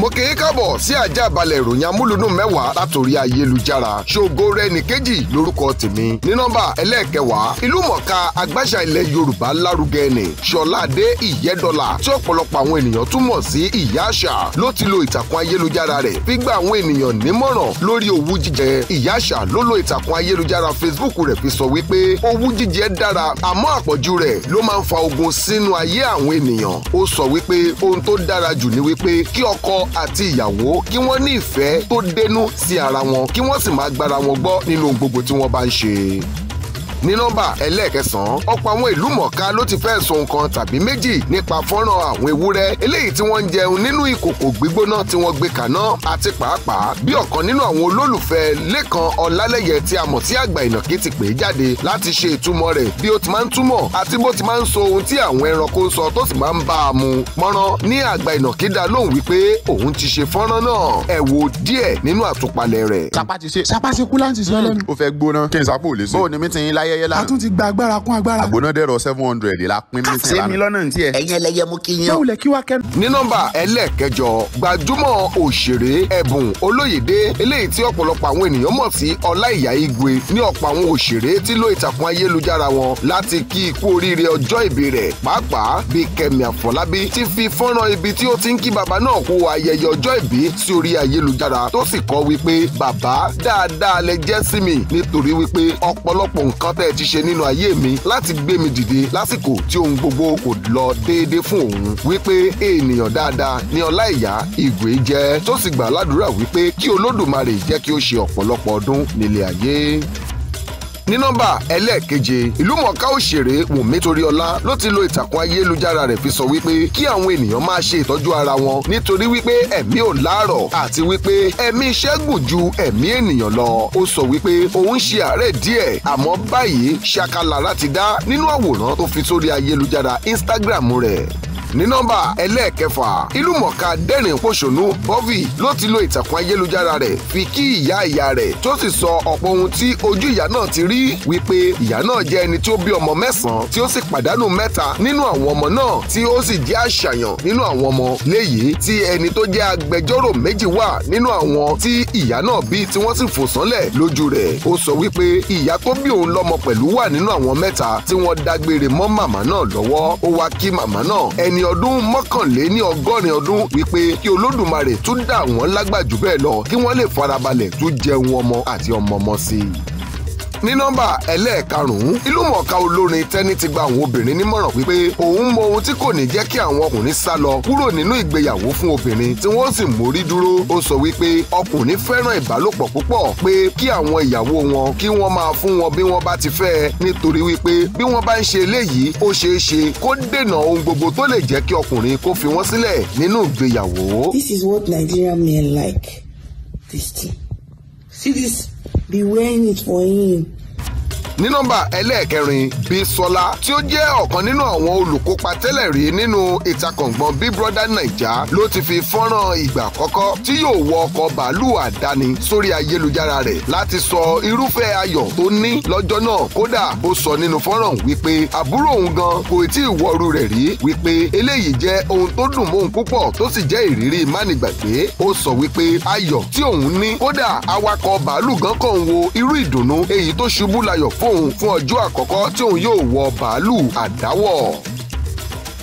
mo kì í kábọ̀ sí àjàbalẹ̀ ìròyìn amúlùdùn mẹ́wàá látòrí ayélujára ṣògo rẹ nìkejì lórúkọ tèmi ní nọ́mbà ẹlẹ́ẹ̀kẹwàá ìlúmọ̀ọ́ká agbáṣà ilẹ̀ yorùbá lárugẹ ni ṣọládé ìyẹ́dọ́là tí ọ̀pọ̀lọpọ̀ àwọn ènìyàn túmọ̀ sí ìyá àṣà ló ti lo ìtàkùn ayélujára rẹ̀ fi gba àwọn ènìyàn nímọ̀ràn lórí owú jíjẹ ìyá àṣà ló lo ìtàkùn ayélujára facebook rẹ̀ fi sọ wípé owú jíjẹ dára àmọ́ àpọ̀jù rẹ̀ ló máa ń fa ogun sínú ayé àwọn ènìyàn ó sọ wípé ohun tó dára jù ni wípé kí ọkọ àti ìyàwó kí wọ́n ní ìfẹ́ tó dénú sí ara wọn kí wọ́n sì máa gbára wọn gbọ́ nínú gbogbo tí wọ́n bá ń ṣe ní nọ́mbà ẹlẹ́ẹ̀kẹsàn-án ọ̀pọ̀ àwọn ìlú mọ̀ọ́ká ló ti fẹ́ sọ nǹkan tàbí méjì nípa fọ́nrán àwọn ewúrẹ́ eléyìí tí wọ́n ń jẹun nínú ìkòkò gbígbóná tí wọ́n gbé kaná àti pàápàá bí ọ̀kan nínú àwọn olólùfẹ́ Lékan Ọlálẹ́yẹ tí a mọ̀ sí àgbà ìnàkí ti pè é jáde láti ṣe ìtumọ̀ rẹ̀ bí ó ti máa ń túmọ̀ àti bó ti máa ń sọ ohun tí àwọn ẹranko sọ tó sì máa ń bá a mu mọ́rán ní àgbà ìnàkí dá lóhùn wípé òun ti ṣe fọ́nrán náà ẹ wo díẹ̀ nínú àtúpalẹ̀ rẹ̀. sapa ti ṣe sapa ti kú láti ṣe ọlọ́run. ó fẹ́ gbóná kí ayẹyẹ lánàá. a tún ti gba agbára kún agbára. àgbóná dẹ̀rọ seven hundred la pín ní sẹ́lá. sẹ́mi lọ́nà ní tiẹ̀. ẹ̀yin ẹlẹ́yẹ mú kí yín. báwùlẹ̀ kí wá kẹ́nu. ní nọ́mbà ẹlẹ́ẹ̀kẹjọ gbajúmọ̀ òṣèré ẹ̀bùn olóyèdé eléyìí tí ọ̀pọ̀lọpọ̀ àwọn ènìyàn mọ̀ sí ọláìyá igwe ní ọ̀pọ̀ àwọn òṣèré tí ló ìtàkùn ayélujára wọn láti kí ikú oríire ọjọ́ ìbí rẹ̀ pàápàá bíi kẹmí àfọlábí ti fi fọ́nrán ibi tí ó ti ń kí bàbá náà kú ayẹyẹ ọjọ́ ìbí sí orí ayélujára tó sì kọ wípé bàbá dáadáa lẹ jẹ́ sí mi nítorí wípé ọ̀pọ̀lọpọ̀ nǹkan tẹ́ ẹ ti ṣe nínú ayé mi láti gbé mi dìde lásìkò tí ohun gbogbo kò lọ déédéé fún òun wípé ènìyàn dáadáa ni Ọláìyá Igwe jẹ́ tó sì gbà ládùúrà wípé kí Olódùmarè jẹ́ kí ó ṣe ọ̀pọ̀lọpọ̀ ọdún nílé ayé ní nọ́mbà ẹlẹ́ẹ̀keje ìlúmọ̀ọ́ká òṣèré wùnmí toríọlá ló ti lo ìtàkùn ayélujára rẹ̀ fi sọ wípé kí àwọn ènìyàn máa ṣe ìtọ́jú ara wọn nítorí wípé ẹ̀mí ò láàrọ̀ àti wípé ẹ̀mí iṣẹ́ gùn ju ẹ̀mí ènìyàn lọ ó sọ wípé òun ṣe àárẹ̀ díẹ̀ àmọ́ báyìí ṣakalára ti dá nínú àwòrán tó fi sórí ayélujára Instagram rẹ̀ ní nọ́mbà ẹlẹ́ẹ̀kẹfà ìlúmọ̀ọ́ká dẹ́rìn pòṣónú Bobby ló ti lo ìtàkùn ayélujára rẹ̀ fi kí ìyá ìyá rẹ̀ tó sì sọ ọ̀pọ̀ ohun tí ojú ìyá náà ti rí wípé ìyá náà jẹ́ ẹni tí ó bí ọmọ mẹ́sàn-án tí ó sì pàdánù mẹ́ta nínú àwọn ọmọ náà tí ó sì jẹ́ àṣàyàn nínú àwọn ọmọ léyìí tí ẹni tó jẹ́ agbẹjọ́rò méjì wà nínú àwọn tí ìyá náà bí tí wọ́n sì fò sánlẹ̀ lójú rẹ̀ ó sọ wípé ìyá tó bí òun lọ́mọ pẹ̀lú wà nínú àwọn mẹ́ta tí wọ́n ẹni ọdún mọ́kànléní ọgọ́rin ọdún wípé kí olódùmarè tún dà wọ́n lágbàjú bẹ́ẹ̀ lọ kí wọ́n lè farabalẹ̀ tún jẹun ọmọ àti ọmọ ọmọ sí i ní nọ́mbà ẹlẹ́ẹ̀karùn-ún olórin tẹ́ni ti gba àwọn obìnrin nímọ̀ràn wípé òun mọ ohun tí kò ní jẹ́ kí àwọn ọkùnrin sá lọ kúrò nínú ìgbéyàwó fún obìnrin tí wọ́n sì mórí dúró ó sọ wípé ọkùnrin fẹ́ràn ìbálòpọ̀ púpọ̀ pé kí àwọn ìyàwó wọn kí wọ́n máa fún wọn bí wọ́n bá ti fẹ́ nítorí wípé bí wọ́n bá ń ṣe eléyìí ó ṣeé ṣe kó dènà ohun gbogbo tó lè jẹ́ kí ọkùnrin kó fi wọ́n sílẹ̀ nínú ìgbéyàwó. This is what Nigerian men like. This thing. See this be wearing it for him ní nọ́mbà ẹlẹ́ẹ̀kẹrin Bísọ́lá tí ó jẹ́ ọ̀kan nínú àwọn olùkópa tẹ́lẹ̀ rí nínú ìtakọ̀ngbọ̀n Big Brother Naija ló ti fi fọ́nrán ìgbà àkọ́kọ́ tí yóò wọ ọkọ̀ bàálù àdáni sórí ayélujára rẹ̀ láti sọ irúfẹ́ ayọ̀ tó ní lọ́jọ́ náà kódà ó sọ nínú fọ́nrán wípé àbúrò òun gan kò tí ì wọrú rẹ̀ rí wípé eléyìí jẹ́ ohun tó dùn mọ́ òun púpọ̀ tó sì jẹ́ ìrírí mánigbàgbé ó sọ wípé ayọ̀ tí òun ní kódà awakọ̀ bàálù gan kàn wo irú ìdùnnú èyí tó ṣubú layọ̀ fún òun fún ọjọ́ àkọ́kọ́ tí òun yóò wọ bàálù àdáwọ̀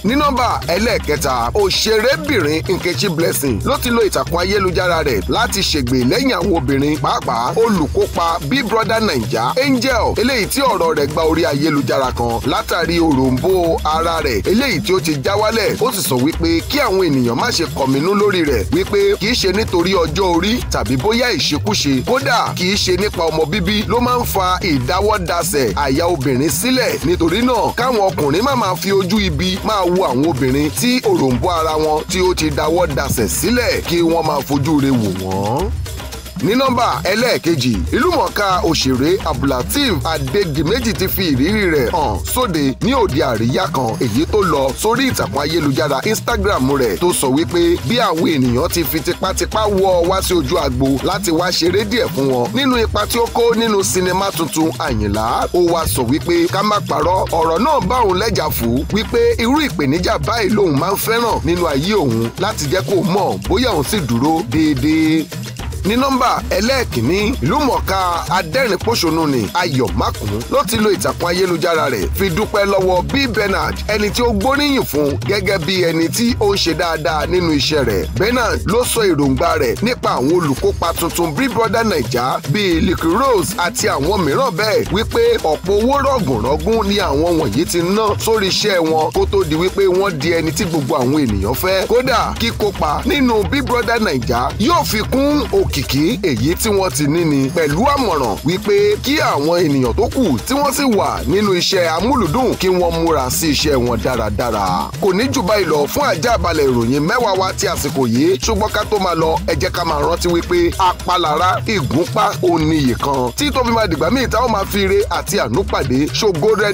ní nọ́mbà ẹlẹ́ẹ̀kẹta òṣèrébìnrin Nkechi Blessing ló ti lo ìtàkùn ayélujára rẹ̀ láti ṣègbè lẹ́yìn àwọn obìnrin pàápàá olùkópa Big Brother Naija Angel eléyìí tí ọ̀rọ̀ rẹ̀ gba orí ayélujára kan látàrí òròǹbó ara rẹ̀ eléyìí tí ó ti já wálẹ̀ ó sì sọ wípé kí àwọn ènìyàn má ṣe kọ̀mínú lórí rẹ̀ wípé kì í ṣe nítorí ọjọ́ orí tàbí bóyá ìṣekúṣe kódà kì í ṣe nípa ọmọ bíbí ló máa ń fa ìdáwọ́dasẹ̀ àyà obìnrin sílẹ̀ nítorí náà káwọn ọkùnrin má máa fi ojú ibi máa wo àwọn obìnrin tí òròǹbó ara wọn tí ó ti dáwọ́ dasẹ̀ sílẹ̀ kí wọ́n máa fojú re wò wọ́n ní nọ́mbà ẹlẹ́ẹ̀kejì ìlúmọ̀ọ́ká òṣèré abdulateef adédìméjì ti fi ìrírí rẹ̀ hàn sóde ní òde àríyá kan èyí tó lọ sórí ìtàkùn ayélujára instagram rẹ̀ tó sọ wípé bí àwọn ènìyàn ti fi tipátipá wọ́ ọ wá sí ojú agbo láti wá ṣeré díẹ̀ fún wọn nínú ipa tí ó kó nínú sinimá tuntun àyìnlá ó wá sọ wípé ká má parọ́ ọ̀rọ̀ náà bá òun lẹ́jà fún wípé irú ìpèníjà báyìí lòun máa ń fẹ́ràn nínú ayé òun láti jẹ́ kó mọ̀ bóyá òun sì dúró déédéé ní nọ́mbà ẹlẹ́ẹ̀kínní ìlúmọ̀ọ́ká adẹ́rìnpòṣónú ni ayọ̀ mákùn ló ti lo ìtàkùn ayélujára rẹ̀ fi dúpẹ́ lọ́wọ́ b bernard ẹni tí ó gbóríyìn fún gẹ́gẹ́ bí ẹni tí ó ń ṣe dáadáa nínú iṣẹ́ rẹ̀ bernard ló sọ èròǹgbà rẹ̀ nípa àwọn olùkópa tuntun big brother naija bíi licky rose àti àwọn mìíràn bẹ́ẹ̀ wípé ọ̀pọ̀ owó rọ̀gùnrọ̀gùn ni àwọn wọ̀nyí ti ná sórí iṣẹ́ wọn kó tó di wípé wọ́n di ẹni tí gbogbo àwọn ènìyàn fẹ́ kódà kíkópa nínú big brother naija yóò fi kún òk òkìkí èyí tí wọ́n ti ní ni pẹ̀lú àmọ̀ràn wípé kí àwọn ènìyàn tó kù tí wọ́n sì wà nínú iṣẹ́ amúlùdùn kí wọ́n múra sí iṣẹ́ wọn dáradára. kò ní jù báyìí lọ fún àjàbalẹ̀ ìròyìn mẹ́wàá wa ti àsìkò yìí ṣùgbọ́n ká tó máa lọ ẹ ká máa rántí wípé apalára ìgúnpá oníyì kan tí tó máa dìgbà míì táwọn máa fi ire àti àánú pàdé ṣògo